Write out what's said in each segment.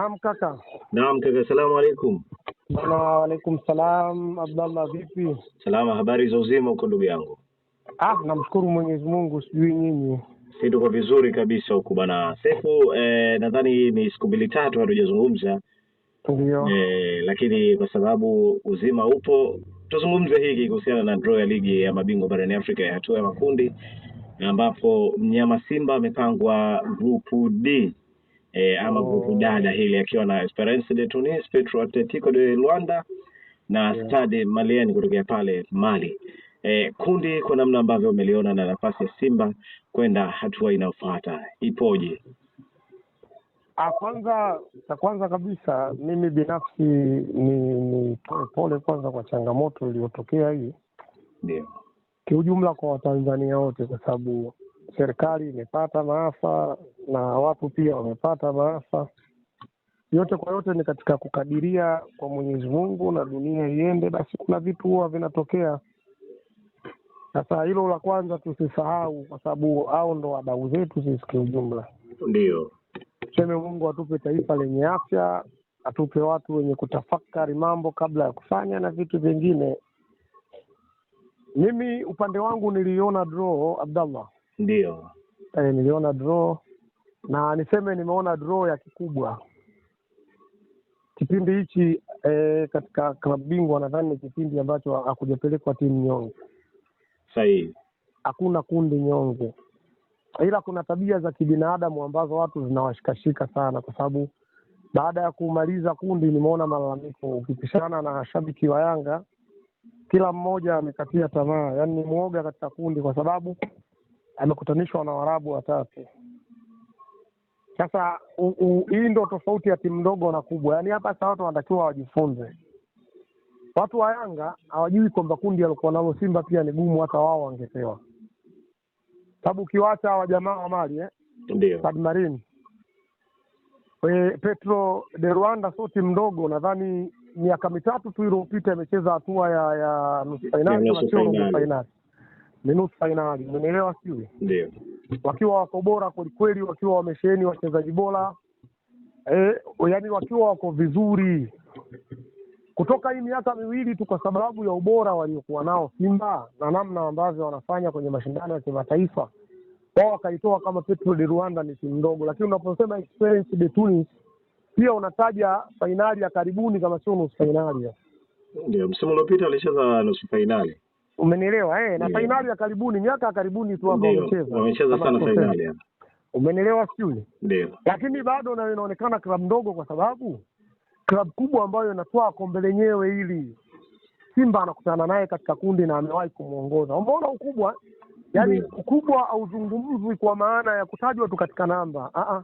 Naam kaka. Naam kaka, salamu alaikum. Waalaikum salam. Abdallah, vipi? Salama. Habari za uzima huko ndugu yangu? Ah, namshukuru Mwenyezi Mungu, sijui nyinyi. Si tuko vizuri kabisa huku bana Sefu. Eh, nadhani ni siku mbili tatu hatujazungumza. Ndio. Eh, lakini kwa sababu uzima upo, tuzungumze hiki kuhusiana na draw ya ligi ya mabingwa barani Afrika ya hatua ya makundi ambapo mnyama Simba amepangwa grupu D e, ama oh. grupu dada hili akiwa na Esperance de Tunis, Petro Atletico de Luanda na yeah. Stade Malien kutokea pale Mali. E, kundi kwa namna ambavyo umeliona na nafasi ya Simba kwenda hatua inayofuata ipoje? Ah, kwanza cha kwanza kabisa mimi binafsi ni ni pole pole kwanza kwa changamoto iliyotokea hii, ndio kiujumla kwa Watanzania wote, kwa sababu serikali imepata maafa na watu pia wamepata maafa. Yote kwa yote ni katika kukadiria kwa Mwenyezi Mungu na dunia iende, basi kuna vitu huwa vinatokea. Sasa hilo la kwanza tusisahau, kwa sababu hao ndo wadau zetu sisi kiujumla. Ndio tuseme Mungu atupe taifa lenye afya, atupe watu wenye kutafakari mambo kabla ya kufanya na vitu vingine. Mimi upande wangu niliona draw, Abdallah ndio E, niliona draw na niseme nimeona draw ya kikubwa kipindi hichi e, katika klabu bingwa nadhani ni kipindi ambacho hakujapelekwa timu nyonge. Sahihi, hakuna kundi nyonge, ila kuna tabia za kibinadamu ambazo watu zinawashikashika sana, kwa sababu baada ya kumaliza kundi nimeona malalamiko. Ukipishana na shabiki wa Yanga, kila mmoja amekatia tamaa, yaani ni mwoga katika kundi, kwa sababu amekutanishwa na Waarabu watatu. Sasa hii ndo tofauti ya timu ndogo na kubwa. Yaani hapa sasa watu wanatakiwa wajifunze. Watu wa Yanga hawajui kwamba kundi alikuwa nalo Simba pia ni gumu, hata wao wangepewa, sababu ukiwacha hawa jamaa wa Mali eh? Ndio Petro de Rwanda sio timu ndogo, nadhani miaka mitatu tu iliyopita imecheza hatua ya ya nusu fainali na sio robo fainali ni nusu fainali, umenielewa? Sijui ndio wakiwa wako bora kwelikweli, wakiwa wamesheheni wachezaji bora eh, yani wakiwa wako vizuri kutoka hii miaka miwili tu, kwa sababu ya ubora waliokuwa nao Simba na namna ambavyo wanafanya kwenye mashindano ya kimataifa, wao wakaitoa kama Petro de Rwanda ni timu ndogo, lakini unaposema experience de Tunis pia unataja fainali ya karibuni, kama sio nusu fainali. Ndio msimu uliopita walicheza nusu fainali umenielewa eh? na fainali ya karibuni miaka ya karibuni tu ambao wamecheza wamecheza sana fainali umenielewa sijui ndio lakini bado nayo inaonekana klabu ndogo kwa sababu klabu kubwa ambayo inatoa kombe lenyewe hili simba anakutana naye katika kundi na amewahi kumwongoza umeona ukubwa yaani ukubwa auzungumzwi kwa maana ya kutajwa tu katika namba Aa.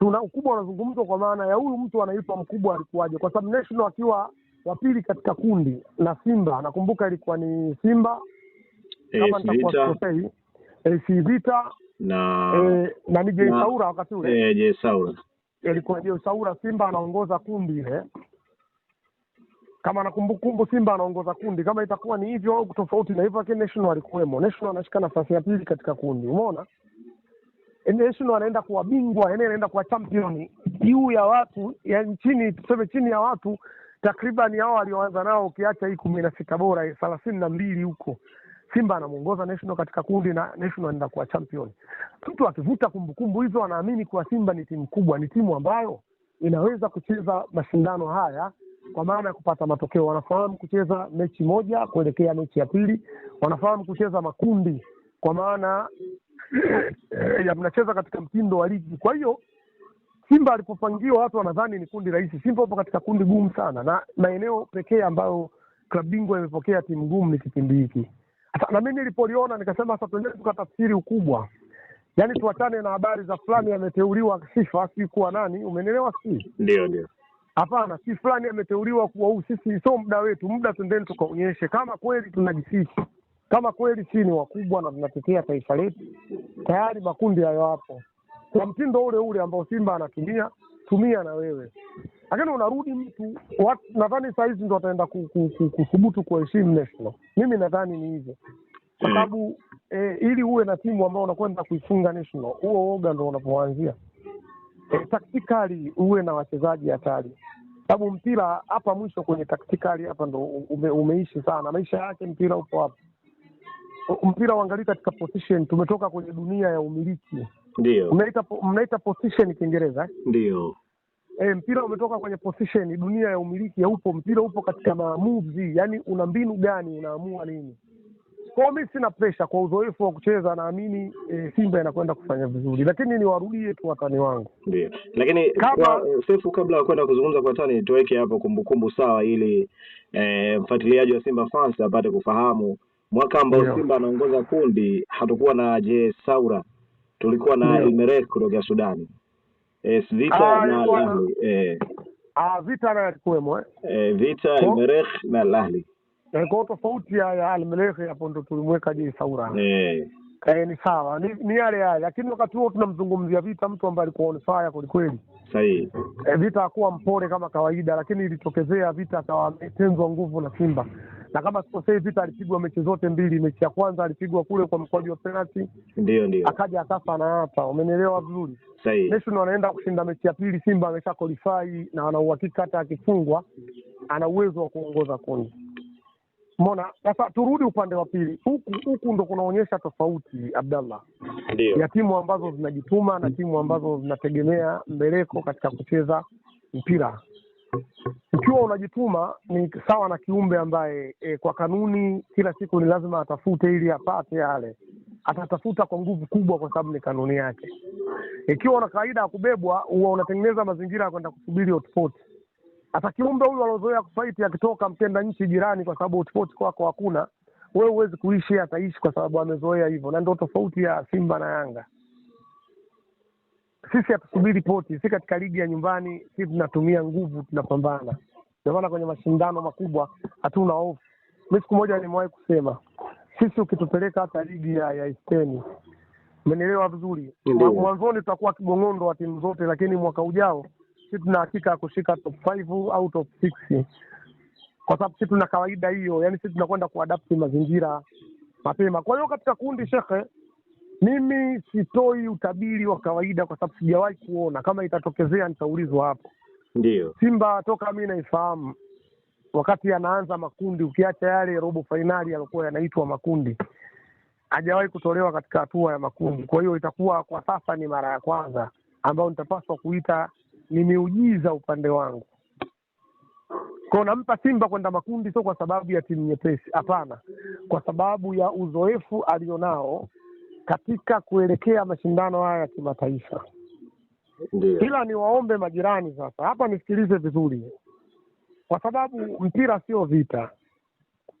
tuna ukubwa unazungumzwa kwa maana ya huyu mtu anaitwa mkubwa alikuwaje kwa sababu national akiwa wa pili katika kundi la Simba, nakumbuka ilikuwa ni Simba eh, kama nitakuwa sikosei, AC eh, Vita na e, eh, nani Jei Saura wakati ule e, Jei Saura ilikuwa Jei Saura, Simba anaongoza kundi ile kama nakumbukumbu, Simba anaongoza kundi, kama itakuwa ni hivyo au tofauti na hivyo, lakini National alikuwemo. National anashika nafasi ya pili katika kundi, umeona. National anaenda kuwa bingwa, yani anaenda kuwa champion juu ya watu ya chini, tuseme chini ya watu takriban hao walioanza nao, ukiacha hii kumi na sita bora eh, thelathini na mbili huko Simba anamuongoza National katika kundi na National anaenda kuwa champion. Mtu akivuta kumbukumbu hizo, anaamini kuwa Simba ni timu kubwa, ni timu ambayo inaweza kucheza mashindano haya kwa maana ya kupata matokeo. Wanafahamu kucheza mechi moja kuelekea mechi ya pili, wanafahamu kucheza makundi, kwa maana ya mnacheza katika mtindo wa ligi. Kwa hiyo Simba alipopangiwa watu wanadhani ni kundi rahisi. Simba upo katika kundi gumu sana, na maeneo pekee ambayo klabu bingwa imepokea timu ngumu ni kipindi hiki. na mimi nilipoliona nikasema, sasa tuendele tukatafsiri ukubwa, yaani tuachane na habari za fulani ameteuliwa sifa si kuwa nani, umenielewa? Si ndio? Ndio, hapana, si fulani ameteuliwa kuwa huu. Sisi sio muda wetu, muda tuendeni tukaonyeshe kama kweli tunajisisi, kama kweli si ni wakubwa na tunatetea taifa letu. Tayari makundi hayo hapo kwa mtindo ule ule ambao Simba anatumia tumia na wewe, lakini unarudi mtu. Nadhani saa hizi ndo ataenda kuthubutu kuheshimu national. Mimi nadhani ni hivyo kwa mm. sababu e, ili uwe na timu ambayo unakwenda kuifunga national, huo woga ndo unapoanzia. e, eh, taktikali uwe na wachezaji hatari, sababu mpira hapa mwisho kwenye taktikali hapa ndo ume, umeishi sana maisha yake. Mpira upo hapa, mpira uangalie katika position. Tumetoka kwenye dunia ya umiliki ndio mnaita mnaita position Kiingereza, ndio E, mpira umetoka kwenye position, dunia ya umiliki haupo, mpira upo katika maamuzi. Yani una mbinu gani, unaamua nini? Kwao mi sina pressure, kwa uzoefu wa kucheza naamini e, Simba inakwenda kufanya vizuri, lakini niwarudie tu watani wangu Lakini kama Sefu, kabla ya kwenda kuzungumza kwa watani, tuweke hapo kumbukumbu sawa, ili e, mfuatiliaji wa Simba fans apate kufahamu mwaka ambao Simba anaongoza kundi hatukuwa na Jay Saura tulikuwa na El Merreikh kutokea Sudani eh, Vita ah, na Lahli eh. Ah, Vita na alikuwemo eh? Eh, Vita El na Lahli eh, kwa tofauti ya ya Merreikh hapo ndo tulimweka je Saura eh. Eh, ni sawa ni, ni yale yale, lakini wakati huo tunamzungumzia Vita, mtu ambaye alikuwa on fire kwelikweli. Sahihi eh, Vita hakuwa mpole kama kawaida, lakini ilitokezea Vita akawa ametenzwa nguvu na Simba na kama sikosei, Vita alipigwa mechi zote mbili. Mechi ya kwanza alipigwa kule kwa mkwaju wa penalti ndio ndio, akaja akafa na hapa. Umenielewa vizuri? National anaenda kushinda mechi ya pili, Simba amesha qualify na ana uhakika hata akifungwa ana uwezo wa kuongoza kundi. mona sasa turudi upande wa pili huku huku, ndo kunaonyesha tofauti Abdallah, ndio ya timu ambazo zinajituma na timu ambazo zinategemea mbeleko katika kucheza mpira. Ukiwa unajituma ni sawa na kiumbe ambaye e, kwa kanuni kila siku ni lazima atafute ili apate yale, atatafuta kwa nguvu kubwa, kwa sababu ni kanuni yake. Ikiwa e, una kawaida ya kubebwa, huwa unatengeneza mazingira ya kwenda kusubiri hotspot. Hata kiumbe huyu aliozoea kufaiti akitoka mtenda nchi jirani, kwa sababu hotspot kwako hakuna, wewe huwezi kuishi, ataishi kwa sababu amezoea hivyo, na ndio tofauti ya Simba na Yanga. Sisi hatusubiri poti, si katika ligi ya nyumbani, si tunatumia nguvu, tunapambana. Ndio maana kwenye mashindano makubwa hatuna hofu. Mi siku moja nimewahi kusema sisi, ukitupeleka hata ligi ya, ya isteni, umenielewa vizuri, mwanzoni tutakuwa kigong'ondo wa timu zote, lakini mwaka ujao si tuna hakika ya kushika top 5 au top kwa sababu si tuna kawaida hiyo, yani si tunakwenda kuadapti mazingira mapema. Kwa hiyo katika kundi shekhe, mimi sitoi utabiri wa kawaida, kwa sababu sijawahi kuona. Kama itatokezea nitaulizwa hapo. Ndio Simba toka mi naifahamu wakati anaanza makundi, ukiacha yale robo fainali yaliokuwa yanaitwa makundi, hajawahi kutolewa katika hatua ya makundi. Kwa hiyo itakuwa kwa sasa ni mara ya kwanza ambayo nitapaswa kuita ni miujiza upande wangu. Kwa nampa Simba kwenda makundi, sio kwa sababu ya timu nyepesi, hapana, kwa sababu ya uzoefu alionao katika kuelekea mashindano haya ya kimataifa. Ndiyo. Ila niwaombe majirani sasa, hapa nisikilize vizuri, kwa sababu mpira sio vita.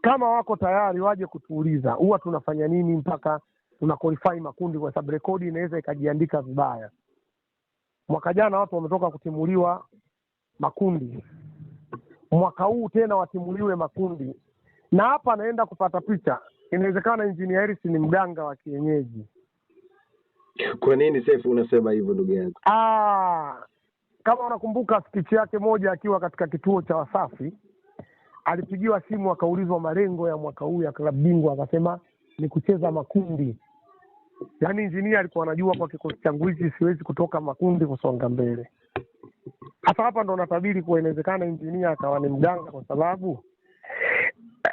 Kama wako tayari waje kutuuliza huwa tunafanya nini mpaka tuna qualify makundi, kwa sababu rekodi inaweza ikajiandika vibaya. Mwaka jana watu wametoka kutimuliwa makundi, mwaka huu tena watimuliwe makundi, na hapa anaenda kupata picha. Inawezekana injinia Hersi ni mganga wa kienyeji kwa nini Seif unasema hivyo ndugu yangu? Ah, kama unakumbuka spichi yake moja akiwa katika kituo cha Wasafi, alipigiwa simu akaulizwa malengo ya mwaka huu ya klabu bingwa, akasema ni kucheza makundi. Yaani injinia alikuwa anajua kwa kikosi changu hichi siwezi kutoka makundi kusonga mbele. Hasa hapa ndo natabiri kuwa inawezekana injinia akawa ni mganga, kwa sababu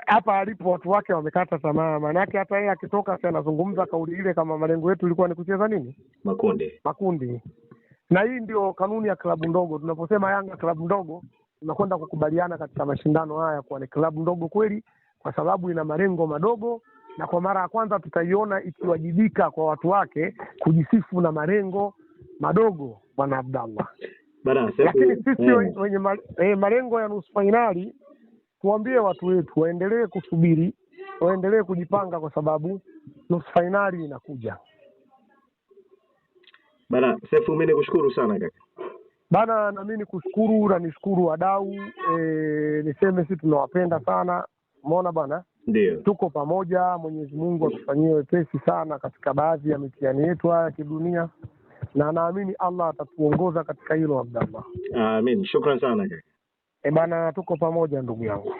hapa alipo watu wake wamekata tamaa, maanake hata yeye akitoka, si anazungumza kauli ile kama malengo yetu ilikuwa ni kucheza nini, makundi makundi. Na hii ndio kanuni ya klabu ndogo. Tunaposema Yanga klabu ndogo, tunakwenda kukubaliana katika mashindano haya kuwa ni klabu ndogo kweli, kwa sababu ina malengo madogo, na kwa mara ya kwanza tutaiona ikiwajibika kwa watu wake kujisifu na malengo madogo, bwana Abdallah. Lakini sisi eh. wenye eh, malengo ya nusu fainali tuambie watu wetu waendelee kusubiri, waendelee kujipanga kwa sababu nusu fainali inakuja. Bana Sefu, mimi nikushukuru sana kaka. Bana na mimi nikushukuru na nishukuru wadau e, niseme si tunawapenda sana umeona bana, Ndiyo. tuko pamoja. Mwenyezi Mungu atufanyie wepesi sana katika baadhi ya mitihani yetu haya ya kidunia, na naamini Allah atatuongoza katika hilo. Abdallah, amin. Shukran sana kaka. E bana, tuko pamoja ndugu yangu.